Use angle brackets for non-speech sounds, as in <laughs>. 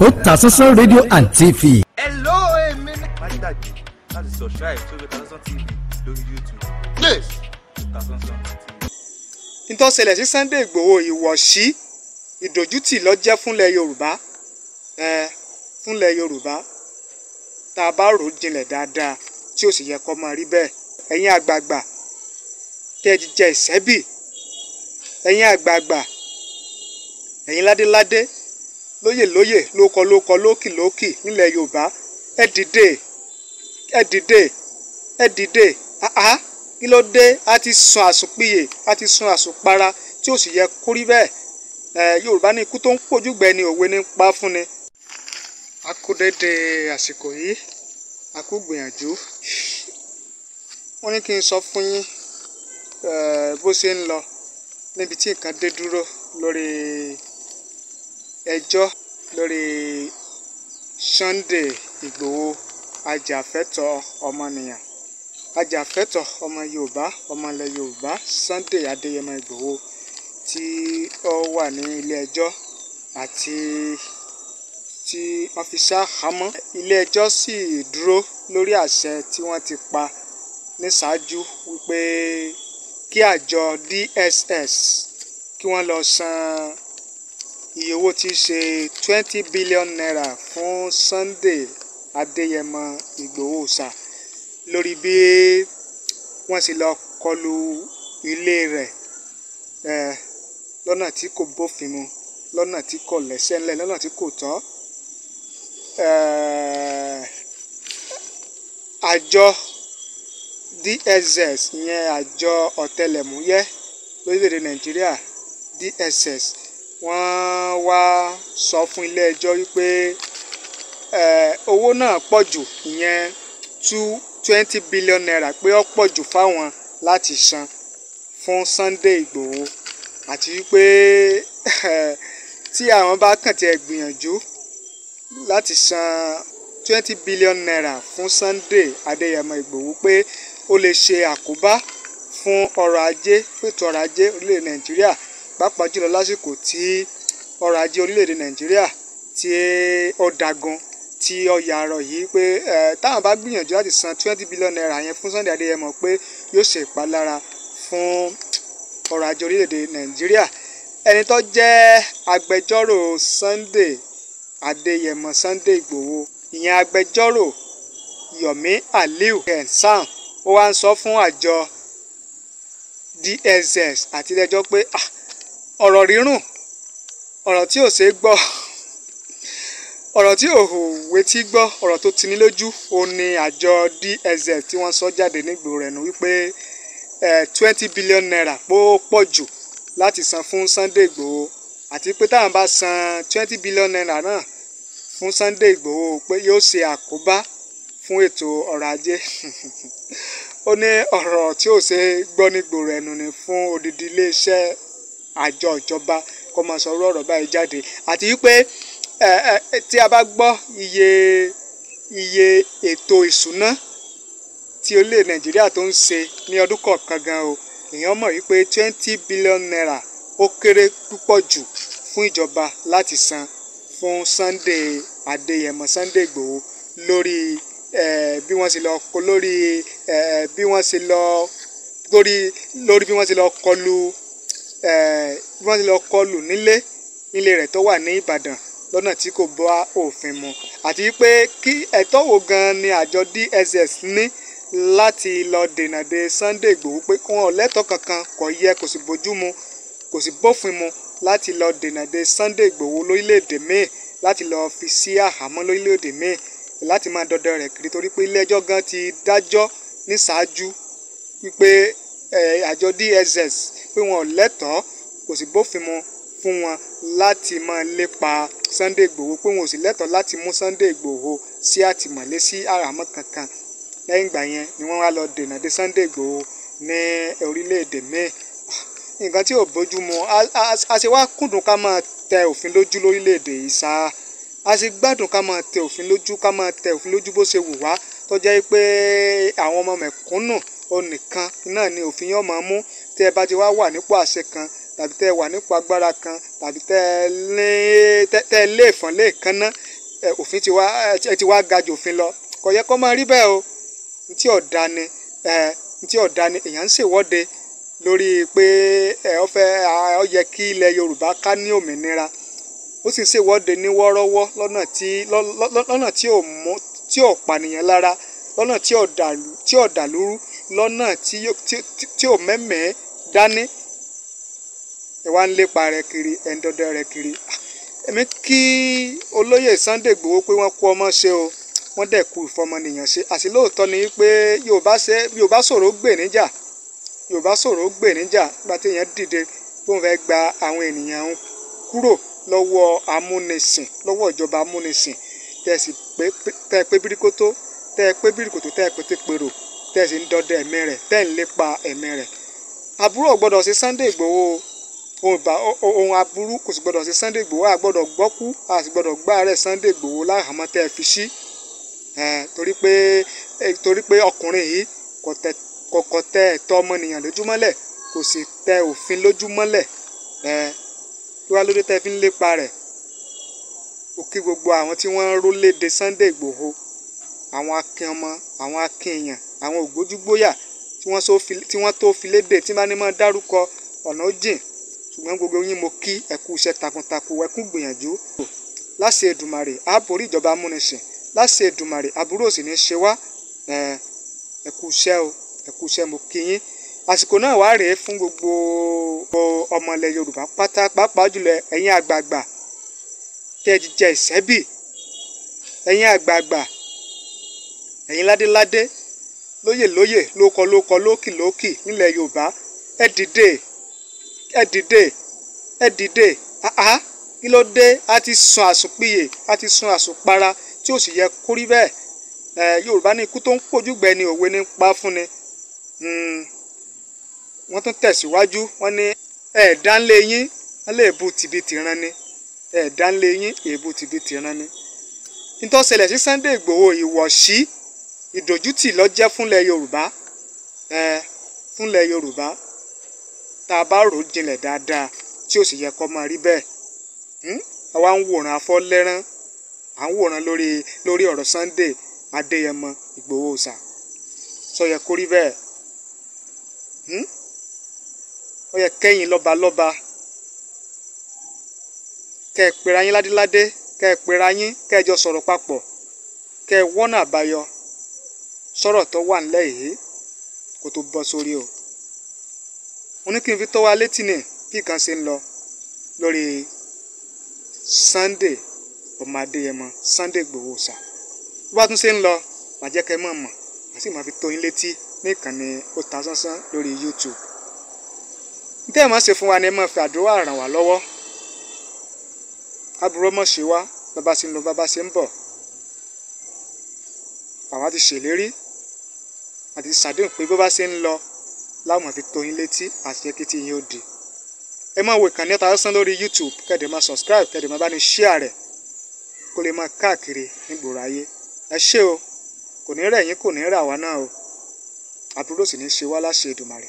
Otasansan radio and TV. hello èmi ni. májèdájú láti subscribe to Otasansan TV lórí YouTube. please. Otasansan TV. nítorí ṣẹlẹ̀ sí Sunday Ìgbòho ìwọ̀sí ìdójútì ló jẹ́ fúnlẹ̀ Yorùbá fúnlẹ̀ Yorùbá tá a bá rò ó jinlẹ̀ dáadáa tí ó sì yẹ kó máa rí bẹ́ẹ̀ ẹ̀yin àgbààgbà tẹ́ ẹ ti jẹ ìṣẹ́bì ẹ̀yin àgbààgbà ẹ̀yin ládéládé lóyè lóyè lóko lóko lókì lókì nílẹ̀ yorùbá ẹ dìde ẹ dìde ẹ dìde àá kí ló dé a ti sun àsùnpìyè a ti sun àsùnpara tí ó sì yẹ kó rí bẹ́ẹ̀ ẹ yorùbá ní ikú tó ń pòjúgbẹ ni òwe ní pa fún ni. a kú dédé àsìkò yìí a kú gbìyànjú wọ́n ní kí n sọ fún yín bó ṣe ń lọ níbi tí nǹkan dé dúró lórí ẹjọ́ lórí Sunday Ìgbòho ajàfẹ́tọ̀ ọmọnìyàn ajàfẹ́tọ̀ ọmọ Yorùbá ọmọ ilẹ̀ Yorùbá Sunday Adéyẹmọ Ìgbòho tí ó wà ní ilé ẹjọ́ àti tí wọ́n fi ṣahámọ́ ilé ẹjọ́ sì dúró lórí àṣẹ tí wọ́n ti pa níṣáájú wípé kí àjọ DSS kí wọ́n lọ san iye owó tí í ṣe twenty billion naira fún Sunday Adéyẹmọ Ìgbòho ṣá lórí bí wọ́n ṣe lọ kọlu ilé rẹ̀ lọ́nà tí kò bófin mu lọ́nà tí kò lẹ́sẹ̀ ńlẹ̀ lọ́nà tí kò tọ́ àjọ DSS ìyẹn àjọ ọ̀tẹlẹ̀múyẹ́ lórílẹ̀‐èdè Nàìjíríà DSS wọ́n wá sọ fún ilé ẹjọ́ wípé owó náà pọ̀ jù ìyẹn two twenty billion naira pé ó pọ̀ jù fáwọn láti san fún Sunday Ìgbòho àti wípé tí àwọn bá kàn tiẹ̀ gbìyànjú láti san twenty billion naira fún Sunday Adéyẹmọ Ìgbòho pé ó lè ṣe àkóbá fún ọrọ̀ ajé fún ètò ọrọ̀ ajé orílẹ̀ Nàìjíríà pàápàá jùlọ lásìkò tí ọrọ̀ ajé orílẹ̀-èdè nàìjíríà tí ó da gan tí ọ̀yà àrọ̀ yìí pé táwọn bá gbìyànjú láti san twenty billion naira yẹn fún Sunday Adéyẹmọ pé yóò ṣe ìpalára fún ọrọ̀ ajé orílẹ̀-èdè nàìjíríà ẹni tó jẹ́ agbẹjọ́rò Sunday Adéyẹmọ Sunday Ìgbòho ìyẹn agbẹjọ́rò Yomi Aliu Kensam ó wá ń sọ fún àjọ DSS àti ilé pé ah ọ̀rọ̀ rírùn ọ̀rọ̀ tí ò ṣeé gbọ́ ọ̀rọ̀ tí ò wetí gbọ́ ọ̀rọ̀ tó tini lójú òun ni àjọ DSS tí wọ́n sọ jáde nígboro ẹ̀nu wípé twenty billion naira pó pọ̀ jù láti san fún Sunday Igboho àti pé táwọn bá san twenty billion naira náà fún Sunday Igboho pé yóò ṣe àkóbá fún ètò ọrọ̀ ajé <laughs> ó ní ọ̀rọ̀ tí ò ṣe gbọ́ nígboro ẹ̀nu ni fún odidi iléeṣẹ́ àjọ ìjọba kó máa sọ ọ̀rọ̀ ọ̀rọ̀ báyìí jáde àti wípé tí a bá gbọ́ iye iye ètò ìsúná tí orílẹ̀ nàìjíríà tó ń ṣe ní ọdún kọ̀ọ̀kan gan o èèyàn mọ̀ wípé twenty billion naira ó kéré púpọ̀ jù fún ìjọba láti san fún Sunday Adéyẹmọ Sunday Ìgbòho lórí bí wọ́n ṣe lọ lórí bí wọ́n ṣe lọ lórí bí wọ́n ṣe lọ kọlù bí eh, wọ́n ti lọ kọlù nílé nílé rẹ̀ tó wà ní Ìbàdàn lọ́nà tí kò bá òfin mu àti pé kí ẹ̀tọ́ wo gan ni àjọ DSS ní láti lọ dènà de Sunday Igboho pé wọn ò lẹ́tọ̀ọ́ kankan kò yẹ kò sì bójú mu kò sì bófin mu láti lọ dènà de Sunday Igboho lórílẹ̀‐èdè míì láti lọ fi sí àhámọ́ lórílẹ̀‐èdè míì láti máa dọdẹ rẹ̀ kiri torí pé ilé gan ti dájọ́ ní ṣáájú wípé eh, àjọ DSS pé wọn ò lẹ́tọ̀ọ́ kò sì bófin mu fún wọn láti máa lépa Sunday Igboho pé wọn ò sì lẹ́tọ̀ọ́ láti mú Sunday Igboho sí àtìmọ́lé sí àràmọ́ kankan lẹ́yìn ìgbà yẹn ni wọ́n wá lọ dènà de Sunday Igboho ní orílẹ̀-èdè míì nǹkan tí ò bójú mu a ṣe wá kúndùn ká máa tẹ òfin lójú lórílẹ̀-èdè yìí sá a ṣe gbádùn ká máa tẹ òfin lójú ká máa tẹ òfin lójú bó ṣe wù wá tó jẹ́ pé àwọn ọmọ mẹ̀kúnnù onìkan náà ni òfin yóò máa mú tẹ́ ẹ bá ti wá wà nípò àṣẹ kan tàbí tẹ́ wà nípò agbára kan tàbí tẹ́ ẹ lé ìfọ̀n lé ìkànnà òfin ti wá gajù òfin lọ kò yẹ kó máa rí bẹ́ẹ̀ o ntí ọ̀dà ni ntí ọ̀dà ni èèyàn ń lórí pé ẹ ọ ọ yẹ kí ilẹ̀ Yorùbá ká ní òmìnira ó sì ń ṣèwọ́de ní wọ́rọ́wọ́ lọ́nà tí dání ẹ wá ń lépa rẹ kiri ẹ ń dọdọ rẹ kiri ah, èmi kí olóyè Sunday Igboho pé wọ́n kú ọmọ ṣe o wọ́n dẹ̀ kú ìfọmọnìyàn ṣe àti lóòótọ́ ni pé Yorùbá sọ̀rọ̀ gbè níjà Yorùbá sọ̀rọ̀ gbè níjà nígbà tí èèyàn dìde tó ń fẹ́ gba àwọn ènìyàn ń kúrò lọ́wọ́ amúnisìn lọ́wọ́ ìjọba amúnisìn tẹ́ ẹ pé bíríkótó tẹ́ pé bíríkótó tẹ́ pété pèrò tẹ́ ń dọdẹ ẹ̀mí rẹ̀ tẹ́ ń lépa ẹ̀mí rẹ̀ aburú ò gbọ́dọ̀ sí Sunday Ìgbòho ohun aburú kò sì gbọ́dọ̀ sí Sunday Ìgbòho a gbọ́dọ̀ gbọ́kú a sì gbọ́dọ̀ gbá rẹ̀ Sunday Ìgbòho láhàámọ́ tẹ́ ẹ fi sí torí pé torí pé ọkùnrin yìí kò tẹ ẹ̀tọ́ ọmọnìyàn lójúmọ́lẹ̀ kò sì tẹ òfin lójúmọ́lẹ̀ tó wá lóde tẹ́ fi ń lépa rẹ̀ ó kí gbogbo àwọn tí wọ́n ń rólédè Sunday Ìgbòho àwọn akin ọmọ àwọn akin èèyàn àwọn ògbójúgbóyà tí wọ́n tó fi léde tí bá ní mọ́ dárúkọ ọ̀nà ó jìn ṣùgbọ́n gbogbo yín mo kí ẹ̀kú iṣẹ́ takuntakun ẹ̀kú gbìyànjú láṣẹ Èdùmàrè àbórí ìjọba amúnisìn láṣẹ Èdùmàrè aburú òsì ní ṣe wá ẹ̀kú iṣẹ́ o ẹ̀kú iṣẹ́ mo kí yín àsìkò náà wá rèé fún gbogbo ọmọ ilẹ̀ Yorùbá pátá pàápàá jùlọ ẹ̀yin àgbààgbà tẹ́ ẹ ti jẹ ìṣẹ́bì ẹ̀yin àgbààgbà ẹ̀yin ládéládé lóyè lóyè lóko lóko lókì lókì nílẹ̀ yorùbá ẹ dìde ẹ dìde ẹ dìde àá kí ló dé a ti sun àsùnpìyè a ti sun àsùnpara tí ò sì yẹ kó rí bẹ́ẹ̀ ẹ yorùbá ní ikú tó ń pòjúgbẹ ni òwe ní pa fún ni hmm, wọ́n tún tẹ̀síwájú wọ́n ní ẹ̀ẹ́dánlé yín wọ́n lè bu tìbìtì ran ni ẹ̀ẹ́dánlé yín èèbu tìbìtì ran ni. ìtọ́sẹ̀lẹ̀ sí Sunday Ìgbòho ìwọ̀sí ìdójútì ló jẹ́ fúnlẹ̀ yorùbá ẹ fúnlẹ̀ yorùbá tá a bá rò ó jinlẹ̀ dáadáa tí ò sì yẹ kó máa rí bẹ́ẹ̀ hmm? ń wòran afọ́lẹ́rán à ń wòran lórí lórí ọ̀rọ̀ Sunday Adéyẹmọ Ìgbòho Ọ̀sà sọ yẹ kó rí bẹ́ẹ̀ hmm? ó yẹ kẹ́yìn lọ́balọ́ba kẹ́ ẹ pera yín ládéládé kẹ́ ẹ pera yín kẹ́ ẹ jọ sọ̀rọ̀ papọ̀ kẹ́ ẹ sọ̀rọ̀ tó wà ńlẹ̀ yìí kó tó bọ́ sórí o mo ní kí n fi tó wa létí ni bí nǹkan ṣe ń lọ lórí Sunday ọmọ Adéyẹmọ Sunday Igboho Òòṣà bí wàá tún ṣe ń lọ màá jẹ́ kẹ́ mọ̀ mọ̀ màá sì máa fi tó yín létí ní ìkànnì Otasansan lórí YouTube níta ẹ̀ máa ṣe fún wa ni ẹ máa fi àdúrà ràn wá lọ́wọ́ aburú mọ̀ ṣe wá bàbá ṣe ń lọ bàbá ṣe ń bọ̀ àwa ti ṣèlérí àti ṣàdéhùn pé bó bá ṣe ń lọ láwọn fi tó yín létí àṣẹ kí tí yín ó di ẹ máa wo ìkànnì Otasansan lórí YouTube kẹ́ẹ̀dẹ̀ máa subscribe kẹ́ẹ̀dẹ̀ máa bá ní share rẹ̀ kó lè máa káàkiri nígboro ayé ẹ ṣé o kò ní rẹ̀ yín kò ní rà wá náà o àbúrò sì ní ṣe wá láṣẹ Èdùmàrè